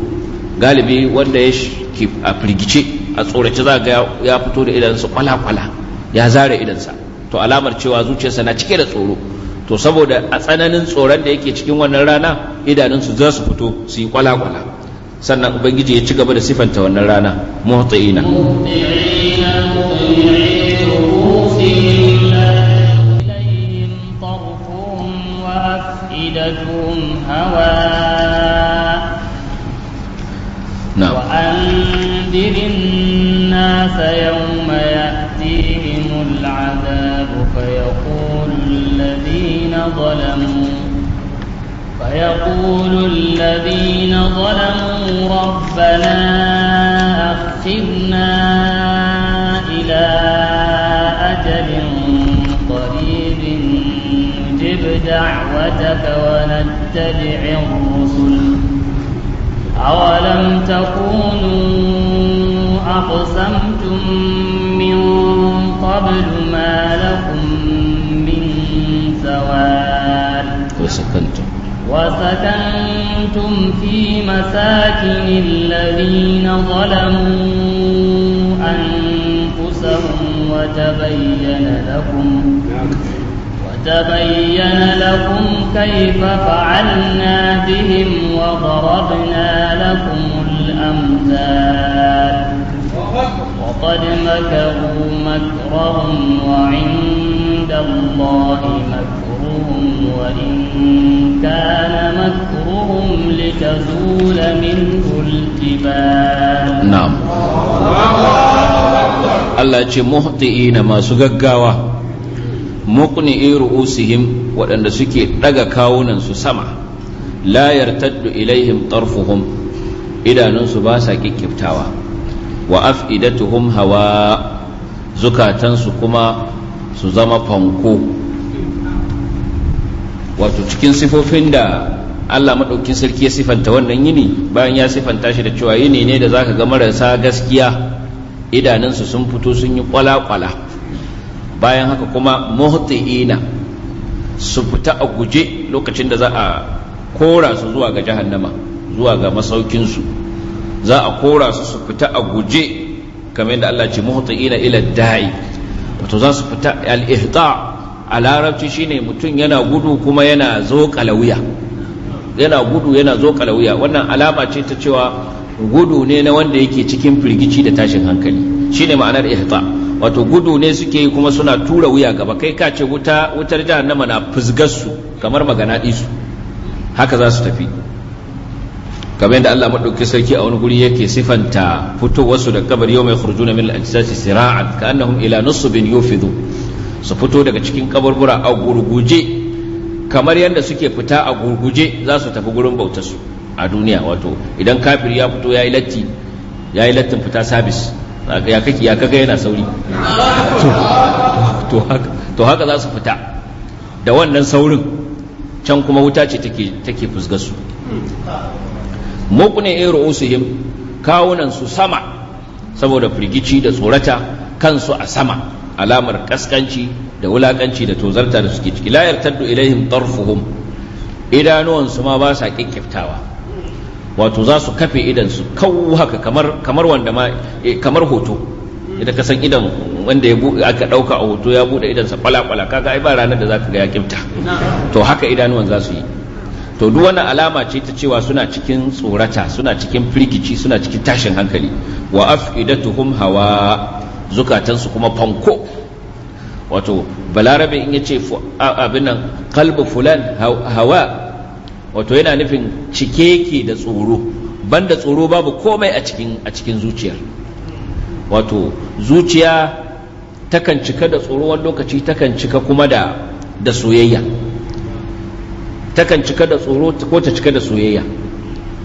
galibi wanda ya ke a firgice a tsorace za ga ya fito da idansa kwala-kwala ya zare idansa to alamar cewa zuciyarsa na cike da tsoro to saboda a tsananin tsoron da yake cikin wannan rana idanunsu za su fito su yi kwala-kwala sannan ubangiji ya ci gaba da sifanta wannan rana mota'ina هوى نعم وأنذر الناس يوم يأتيهم العذاب فيقول الذين ظلموا فيقول الذين ظلموا ربنا أخذنا دعوتك ونتبع الرسل أولم تكونوا أقسمتم من قبل ما لكم من سواد وسكنتم وسكنتم في مساكن الذين ظلموا أنفسهم وتبين لكم نعم. تبين لكم كيف فعلنا بهم وضربنا لكم الأمثال وقد مكروا مكرهم وعند الله مكرهم وإن كان مكرهم لتزول منه الجبال نعم الله ce muhti'ina masu iru ru'usihim waɗanda suke ɗaga kawunan su sama la yartaddu ilaihim tarfuhum idanunsu ba sa kikkiftawa wa af'idatuhum hawa zukatansu kuma su zama fanko wato cikin sifofin da Allah maɗaukin sarki ya sifanta wannan yini bayan ya sifanta shi da cewa yini ne da zaka ga marasa gaskiya idanunsu sun fito sun yi kwala-kwala bayan haka kuma muhti'ina su fita a guje lokacin da za a kora su zuwa ga jahannama zuwa ga masaukinsu za a kora su su fita a guje kamar yadda Allah ce muhti'ina ila da'i wato za su fita al-ihda a larabci shine mutum yana gudu kuma yana zo kalauya yana gudu yana zo kalauya wannan alama ce ta cewa gudu ne na wanda yake cikin firgici da tashin hankali shine ma'anar ihda' wato gudu ne suke yi kuma suna tura wuya gaba kai ka ce wuta wutar jahannama na fusgar su kamar magana su haka za su tafi kamar yadda Allah madaukakin sarki a wani guri yake sifanta fitowarsu da kabar yau mai khurjuna min al-ajsasi sira'an ka'annahum ila nusbin yufidu su fito daga cikin kaburbura a gurguje kamar yadda suke fita a gurguje za su tafi gurin bautar a duniya wato idan kafir ya fito ya yi latti ya lattin fita sabis ya kake kaga yana sauri to haka za su fita da wannan saurin can kuma wuta ce take fusgar su muqni ru'usihim kawunan su sama saboda firgici da tsorata kansu a sama alamar kaskanci da wulakanci da tozarta da suke ciki layar taddu ilaihim tarfuhum idanuwansu ma ba sa kikkiftawa wato za su kafe idan su kau haka kamar wanda ma eh, kamar hoto idan ka san idan wanda ya buɗe aka ɗauka a hoto ya buɗe idansa kwala-kwala kaga ai ba ranar da za ka ga ya kimta to haka idanuwan za su yi to duk wani alama ce ta cewa suna cikin tsorata suna cikin firgici suna cikin tashin hankali wa afidatuhum hawa zukatansu kuma fanko wato balarabe in yace abin nan qalbu fulan hawa wato yana nufin cike ke da tsoro banda tsoro babu komai a cikin a cikin zuciyar wato zuciya takan cika da tsoro wani lokaci takan cika kuma da da soyayya takan cika da tsoro ko ta cika da soyayya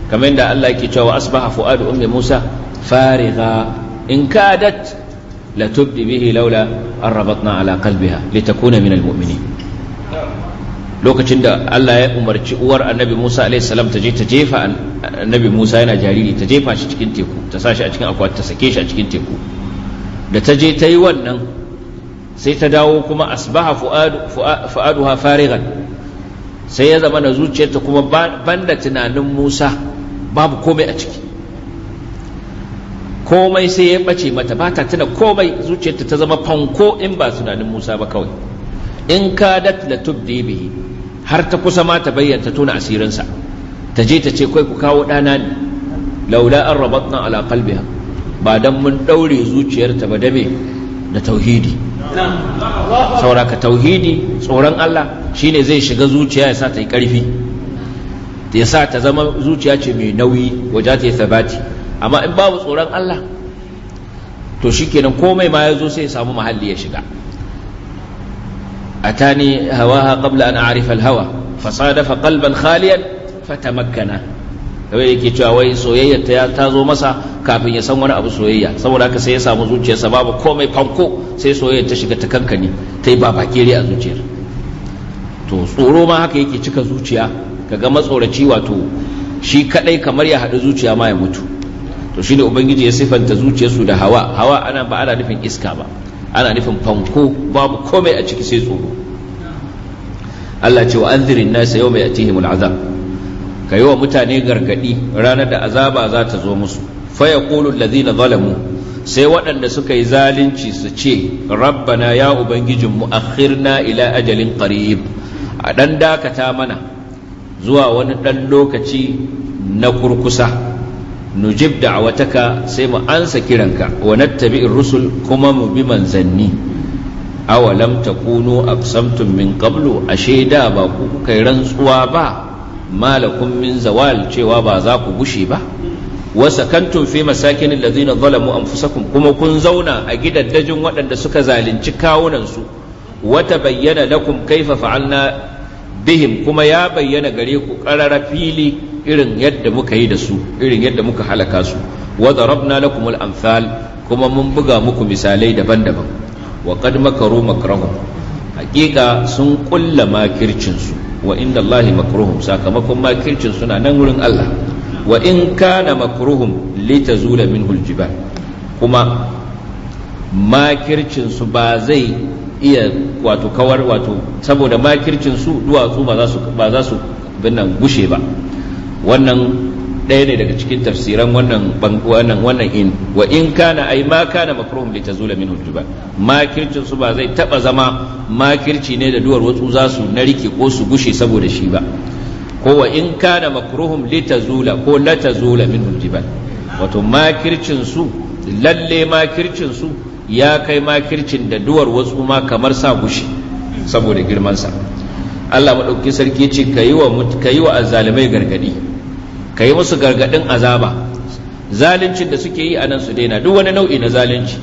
kamar yadda Allah yake cewa asbaha fu'adu ummi Musa farigha in kadat la tubdi bihi laula an rabatna ala qalbiha litakuna min almu'minin lokacin da Allah ya umarci uwar annabi Musa a.s. salam ta je ta jefa annabi Musa yana jariri ta jefa shi cikin teku ta sa shi a cikin akwati ta sake shi a cikin teku da ta je ta yi wannan sai ta dawo kuma asbaha ha farigan sai ya zama na zuciyarta kuma banda tunanin Musa babu komai a ciki komai sai ya bace mata ba ta tuna komai zuciyarta ta zama fanko in ba tunanin Musa ba kawai in kadat la tubdi bihi har ta kusa ma ta bayyana tona asirinsa ta je ta ce kai ku kawo ɗana ne laula an rabatna ala qalbiha ba dan mun daure zuciyarta ba da me da tauhidi ka tauhidi tsoron Allah shine zai shiga zuciya ya sa ta yi karfi ya sa ta zama zuciya ce mai nauyi waje ta yi sabati amma in babu tsoron Allah to shikenan komai ma ya zo sai ya samu mahalli ya shiga أتاني هواها قبل أن أعرف الهوى فصادف قلبا خاليا فتمكنا kawai yake cewa wai soyayyar ta ta zo masa kafin ya san wani abu soyayya saboda haka sai ya samu zuciyarsa babu komai fanko sai soyayya ta shiga ta kankani ta yi babakere a zuciyar to tsoro ma haka yake cika zuciya kaga matsoraci wato shi kadai kamar ya haɗu zuciya ma ya mutu to shine ubangiji ya sifanta zuciyarsu da hawa hawa ana ba ana nufin iska ba ana nufin fanko babu komai a ciki sai tsoro Allah ce wa anzirin nasa yau mai atihimul azab ka yi wa mutane gargadi ranar da azaba za ta zo musu faya yaqulu allazina zalamu sai waɗanda suka yi zalunci su ce rabbana ya ubangijin mu akhirna ila ajalin qarib a ɗan dakata mana zuwa wani ɗan lokaci na kurkusa nujib da'awataka sai mu ansa kiranka wa nattabi'ir rusul kuma mu bi manzanni awalam takunu aqsamtum min qablu ashe da ba ku kuka rantsuwa ba malakum min zawal cewa ba za ku bushe ba wa sakantum fi masakin allazina zalamu anfusakum kuma kun zauna a gidaddajin waɗanda suka zalunci kawunansu wa tabayyana lakum kaifafa fa'alna bihim kuma ya bayyana gare ku qarara fili irin yadda muka yi da su irin yadda muka halaka su wa darabna lakum al-amthal kuma mun buga muku misalai daban-daban wa kad makaru makrahum hakika sun kulla makircin su wa inda Allahi makruhum sakamakon makircin suna nan wurin Allah wa in kana makruhum litazula minhu al-jibal kuma makircin su ba zai iya wato kawar wato saboda makircin su duwatsu ba za su ba za su binnan gushe ba wannan ɗaya ne daga cikin tafsiran wannan wannan wannan in wa in kana ai ma kana makruhum li tazula minhu duba makircin su ba zai taba zama makirci ne da duwar watsu za su narke ko su gushe saboda shi ba ko wa in kana makruhum li tazula ko la tazula minhu jibal wato makircin su lalle makircin su ya kai makircin da duwar watsu ma kamar sa gushe saboda girman sa Allah madauki sarki ce kayi wa kayi wa azzalimai gargadi ka yi musu gargaɗin azaba zaluncin da suke yi a nan su daina duk wani nau'i na zalunci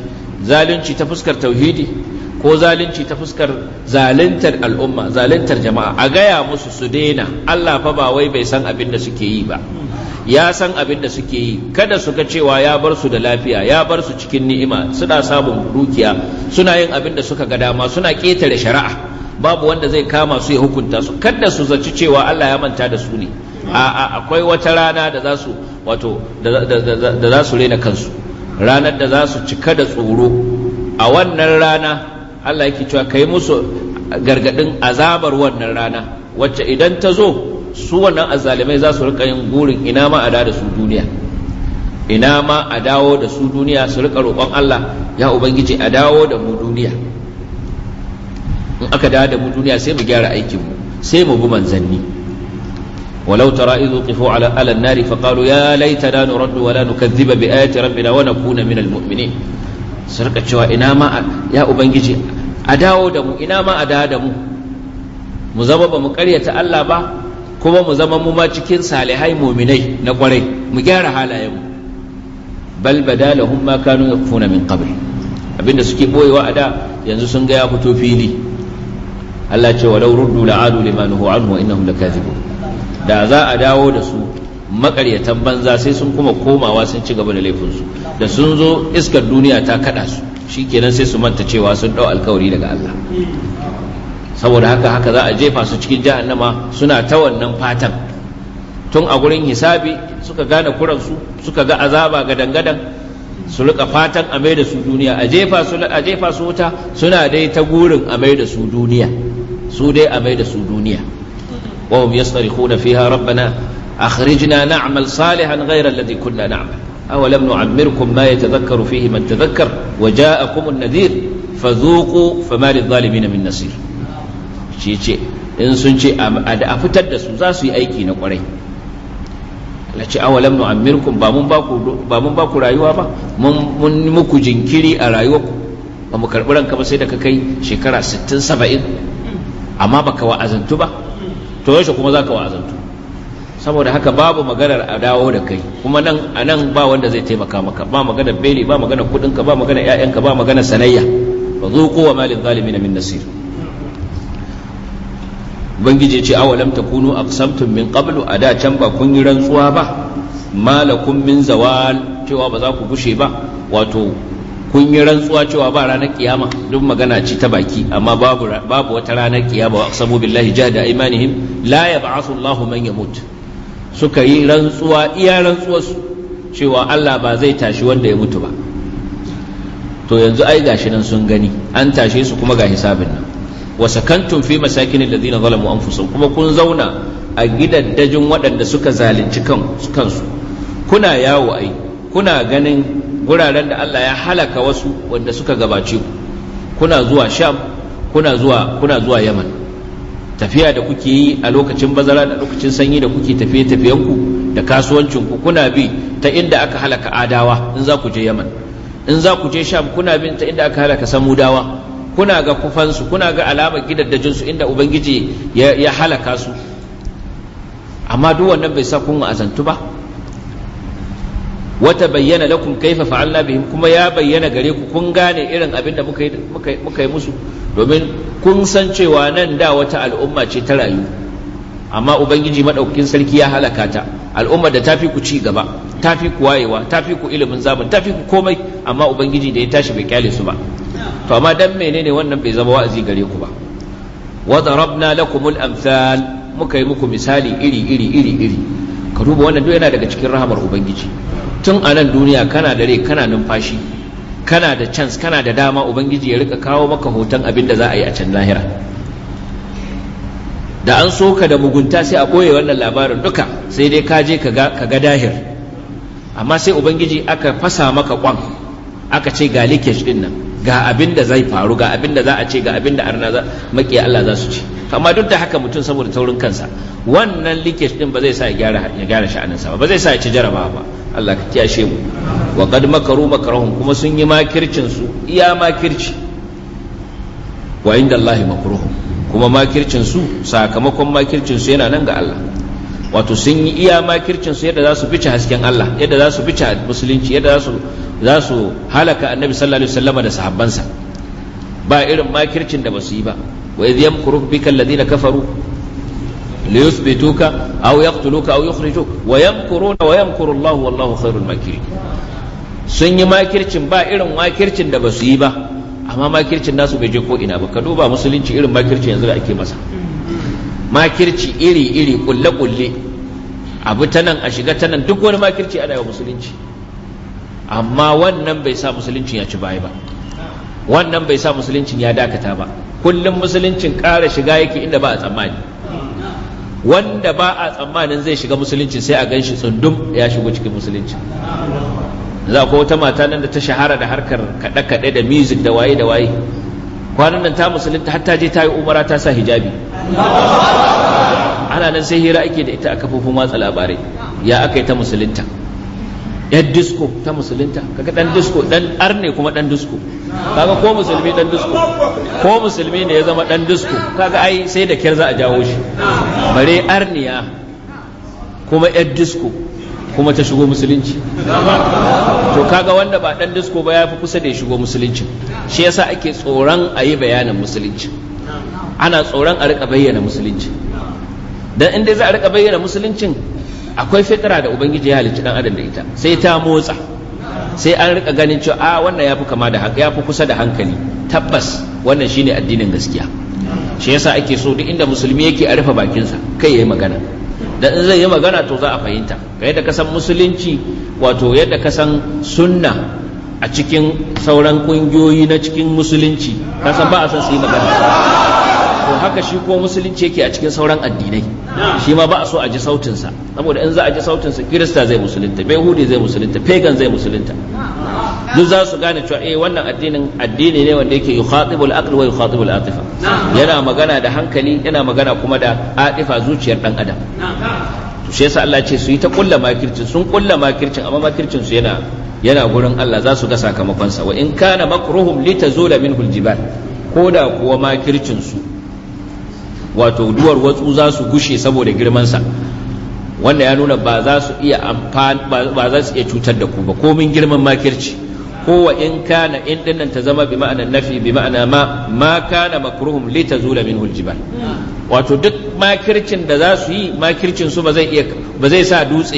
zalunci ta fuskar tauhidi ko zalunci ta fuskar zaluntar al'umma zaluntar jama'a a gaya musu su daina Allah fa ba wai bai san abin da suke yi ba ya san abin da suke yi kada su ga cewa ya bar su da lafiya ya bar su cikin ni'ima suna samun dukiya suna yin abin da suka ga dama suna ketare shari'a babu wanda zai kama su ya hukunta su kada su zaci cewa Allah ya manta da su ne a'a akwai wata rana da za su wato da za rena kansu ranar da za su cika da tsoro a wannan rana Allah yake cewa kai musu gargadin azabar wannan rana wacce idan ta zo su wannan azalimai za su rika yin gurin ina ma a da su duniya ina ma a dawo da su duniya su rika roƙon Allah ya ubangiji a dawo da mu duniya in aka dawo da mu duniya sai mu gyara aikin mu sai mu bi manzanni ولو ترى إذ وقفوا على أهل النار فقالوا يا ليتنا نرد ولا نكذب بآيات ربنا ونكون من المؤمنين سرقة شوى إنما يا أبنجي أداو دمو إنما أدا دمو مزمم مكرية الله با kuma mu zama mu ma cikin salihai muminai na kwarai mu gyara halayenmu bal badalahum ma kanu yakfuna min qabl abinda suke ɓoyewa a da yanzu sun ga ya fito fili Allah ce walau ruddu la'adu liman huwa anhu wa da za a dawo da su makaryatan banza sai sun kuma komawa sun ci gaba da laifinsu da sun zo iskar duniya ta kada su shikenan sai su manta cewa sun dau alkawari daga Allah saboda haka haka za a jefa su cikin jahannama suna ta wannan fatan tun a gurin hisabi suka gane kuransu suka ga azaba ga dangadan su rika fatan a mai da su duniya a jefa su a jefa su wuta suna dai ta gurin a mai da su duniya su dai a mai da su duniya وهم يصطرخون فيها ربنا أخرجنا نعمل صالحا غير الذي كنا نعمل أولم نعمركم ما يتذكر فيه من تذكر وجاءكم النذير فذوقوا فما للظالمين من نصير شيء in sun ce a fitar da su za su yi aiki na kwarai la nu amirkum ba mun ba ku rayuwa ba mun muku jinkiri a rayuwarku ba mu karɓi ranka ba sai da ka kai shekara 60 70 amma baka wa'azantu ba to yaushe kuma zaka wa'azantu saboda haka babu maganar a dawo da kai kuma nan a nan ba wanda zai taimaka maka ba maganar beli ba maganar kudinka ba maganar ƴaƴanka ba maganar sanayya zo kowa wa malil zalimin min nasir ubangiji ce awalam takunu aqsamtum min qablu a da can ba kun yi rantsuwa ba malakum min zawal cewa ba za ku gushe ba wato kun yi rantsuwa cewa ba ranar kiyama duk magana ce ta baki amma babu wata ranar kiyama wa aqsamu billahi jahda imanihim la yab'athu Allahu man yamut suka yi rantsuwa iya rantsuwar su cewa Allah ba zai tashi wanda ya mutu ba to yanzu ai gashi nan sun gani an tashe su kuma ga hisabin nan wa sakantum fi masakin alladhina zalamu anfusahum kuma kun zauna a gidaddajin waɗanda suka zalunci kansu kuna yawo ai kuna ganin guraren da Allah ya halaka wasu wanda suka gabace ku kuna zuwa sham kuna zuwa kuna zuwa yaman tafiya da kuke yi a lokacin bazara da lokacin sanyi da kuke tafiye tafiyen ku da kasuwancin ku kuna bi ta inda aka halaka adawa in za ku je yaman in za ku je sham kuna bin ta inda aka halaka samudawa kuna ga kufansu kuna ga alamar gidaddajin su inda ubangiji ya halaka su amma duk wannan bai sa kun azantu ba wata bayyana lakum kaifa fa'alna bihim kuma ya bayyana gare ku kun gane irin abin da muka yi musu domin kun san cewa nan da wata al'umma ce ta rayu amma ubangiji madaukakin sarki ya halaka ta al'umma da fi ku ci gaba fi ku wayewa fi ku ilimin ta fi ku komai amma ubangiji da ya tashi bai kyale su ba to amma dan menene wannan bai zama wa'azi gare ku ba wa darabna lakumul amsal muka yi muku misali iri iri iri iri ka duba wannan duk yana daga cikin rahamar ubangiji tun a nan duniya kana da rai kana numfashi kana da chance kana da dama ubangiji ya rika kawo maka hoton abin da za a yi a can lahira da an so ka da mugunta sai a ɓoye wannan labarin duka sai dai ka je ka ga dahir amma sai ubangiji aka fasa maka kwan aka ce ga leakage din nan ga abin da zai faru ga abin da za a ce ga abin da arna makiya Allah za su ce amma duk da haka mutum saboda taurin kansa wannan leakage din ba zai sa ya gyara sha'anin sa ba ba zai sa ya ci jaraba ba Allah ka kiyashe mu wa qad makaru makarahum kuma sun yi makircin su iya makirci wa inda Allah makruhum kuma makircin su sakamakon makircin su yana nan ga Allah wato sun yi iya makircin su yadda za su bice hasken Allah yadda za su bice musulunci yadda za su za su halaka annabi sallallahu alaihi wasallam da sahabbansa ba irin makircin da basu yi ba wa idh yamkuru bika alladhina kafaru liyuthbituka aw yaqtuluka aw yukhrijuk wa yamkuruna wa yamkuru Allah wallahu khairul makirin sun yi makircin ba irin makircin da basu yi ba amma makircin nasu bai je ko ina ba ka duba musulunci irin makircin yanzu da ake masa makirci iri-iri kulle-kulle abu ta nan a shiga ta nan duk wani makirci ana yawa musulunci amma wannan bai sa musuluncin ya ci baya ba wannan bai sa musuluncin ya dakata ba kullum musuluncin ƙara shiga yake inda ba a tsammani wanda ba a tsammanin zai shiga musulunci sai a ganshi tsundum ya shigo cikin musulunci za ko wata mata nan da ta shahara da harkar kaɗe-kaɗe da music da waye da waye kwanan nan ta musulunta har ta je ta yi umara ta sa hijabi ana nan sai hira ake da ita a kafofin watsa labarai ya aka yi ta musulunta yan disko ta musulunta kaga dan disko dan arne kuma dan disko kaga ko musulmi dan disko ko musulmi ne ya zama dan disko kaga ai sai da kyar za a jawo shi bare arniya kuma yan disko kuma ta shigo musulunci to kaga wanda ba dan disko ba ya fi kusa da ya shigo musulunci shi yasa ake tsoron a yi bayanin musulunci ana tsoron a rika bayyana musulunci dan in dai za a rika bayyana musuluncin akwai fitira da ubangiji ya halicci dan adam da ita sai ta motsa sai an rika ganin cewa a ah, wannan yafi kama da haka yafi kusa da hankali tabbas wannan shine addinin gaskiya shi yasa ake so duk inda musulmi yake a rufe bakinsa kai yayi magana da in zai yi magana to za a fahimta ga yadda kasan musulunci wato yadda kasan sunna a cikin sauran ƙungiyoyi na cikin musulunci kasan ba a san su yi magana to haka shi ko musulunci yake a cikin sauran addinai shi ma ba a so a ji sautinsa saboda in za a ji sautinsa kirista zai musulunta behudi zai musulunta pagan zai musulunta duk za su gane cewa eh wannan addinin addini ne wanda yake yukhatibul aql wa yukhatibul atifa yana magana da hankali yana magana kuma da atifa zuciyar dan adam to shi yasa Allah ce su yi ta kulla makircin sun kulla makircin amma makircin su yana yana gurin Allah za su ga sakamakon sa wa in kana makruhum litazula minhu aljibal ko da kuwa makircin su wato duwar watsu za su gushe saboda girmansa wanda ya nuna ba za su iya ba za su iya cutar da ku ba komin girman makirci ko wa in kana in dinnan ta zama bi ma'anar nafi bi ma'ana ma ma kana makruhum li tazula minhu aljibal hmm. wato duk makircin da za su yi makircin su ba zai sa dutse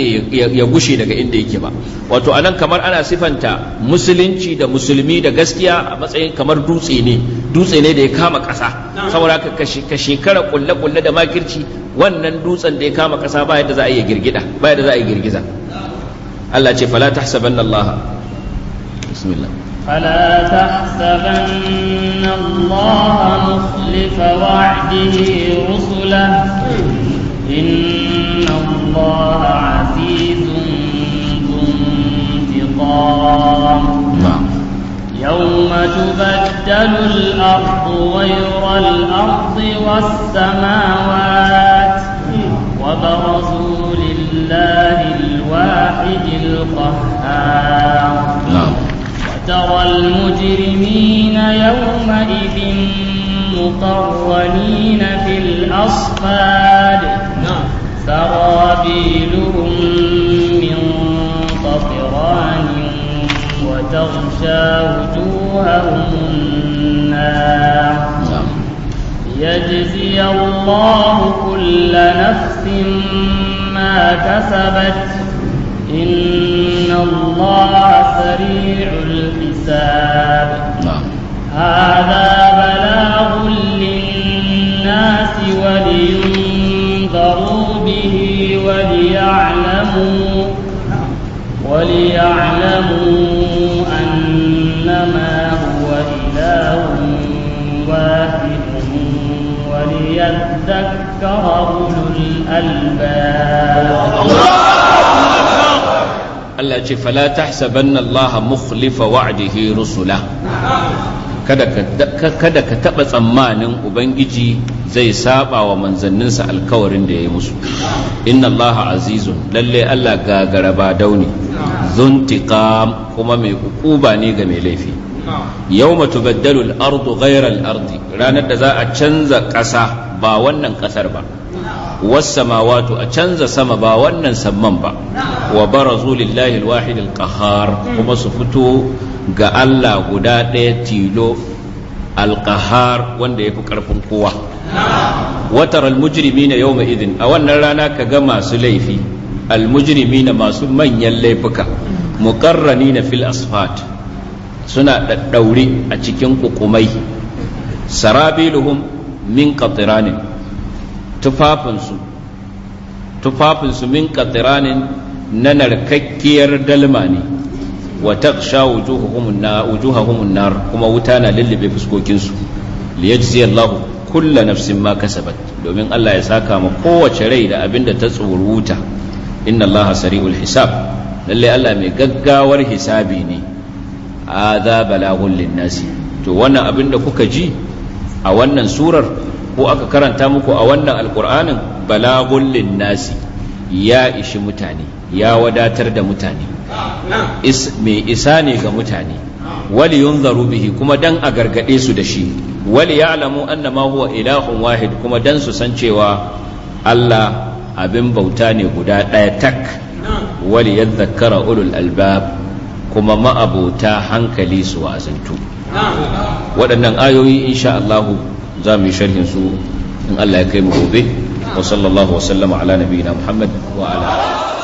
ya gushe daga inda yake ba wato anan kamar ana sifanta musulunci da musulmi da gaskiya a matsayin kamar dutse ne dutse ne da ya kama ƙasa saboda ka shekara kulle kulle da makirci wannan dutsen da ya kama kasa ba yadda za a iya ba yadda za a girgiza Allah ce fala tahsabanna Allah bismillah فلا تحسبن الله مخلف وعده رسله إن الله عزيز ذو انتقام نعم. يوم تبدل الأرض غير الأرض والسماوات وبرزوا لله الواحد القهار نعم ترى المجرمين يومئذ مقرنين في الأصفاد نعم سرابيلهم من قطران وتغشى وجوههم النار ليجزي نعم. الله كل نفس ما كسبت إن الله سريع الحساب نعم هذا بلاغ للناس ولينذروا به وليعلموا وليعلموا أنما هو إله واحد وليذكر أولو الألباب Allah ce fala tahsabanna Allah mukhlifa wa'dihi rusula kada ka kada ka taba tsammanin ubangiji zai saba wa manzanninsa alkawarin da ya yi musu inna Allah azizun lalle Allah gagara ba dauni zuntiqam kuma mai hukuba ne ga mai laifi yawma tubaddalu al-ardu ghayra al-ardi ranar da za a canza ƙasa ba wannan ƙasar ba was samawatu a canza sama ba wannan samman ba wa barazu lillahi alwahid alqahar kuma su fito ga Allah guda ɗaya tilo alqahar wanda yafi ƙarfin kowa watar na yawma idin a wannan rana ka ga masu laifi almujrimina masu manyan laifuka na fil asfat suna ɗaɗɗauri a cikin kukumai sarabiluhum min qatranin tufafinsu tufafinsu min katiranin na narkakkiyar dalma ne wata sha wujuhahum nar kuma wuta na lullube fuskokinsu liyajzi Allah kulla nafsin ma kasabat domin Allah ya saka ma kowace rai da abin da ta wuta. inna Allah sari'ul hisab lallai Allah mai gaggawar hisabi ne hadha balagun linnasi to wannan abin da kuka ji a wannan surar ko aka karanta muku a wannan alkur'anin balagun linnasi ya ishi mutane ya wadatar da mutane mai isa ne ga mutane wali yunzaru bihi kuma dan a gargade su da shi wali ya alamu annama huwa ilahun wahid kuma dan su san cewa Allah abin bauta ne guda ɗaya tak wali yadhakkara ulul albab kuma ma'abota hankali su wazantu. waɗannan ayoyi insha Allahu za mu yi sharhin su in Allah ya kai mu gobe wa sallallahu wa sallama ala nabiyina Muhammad wa ala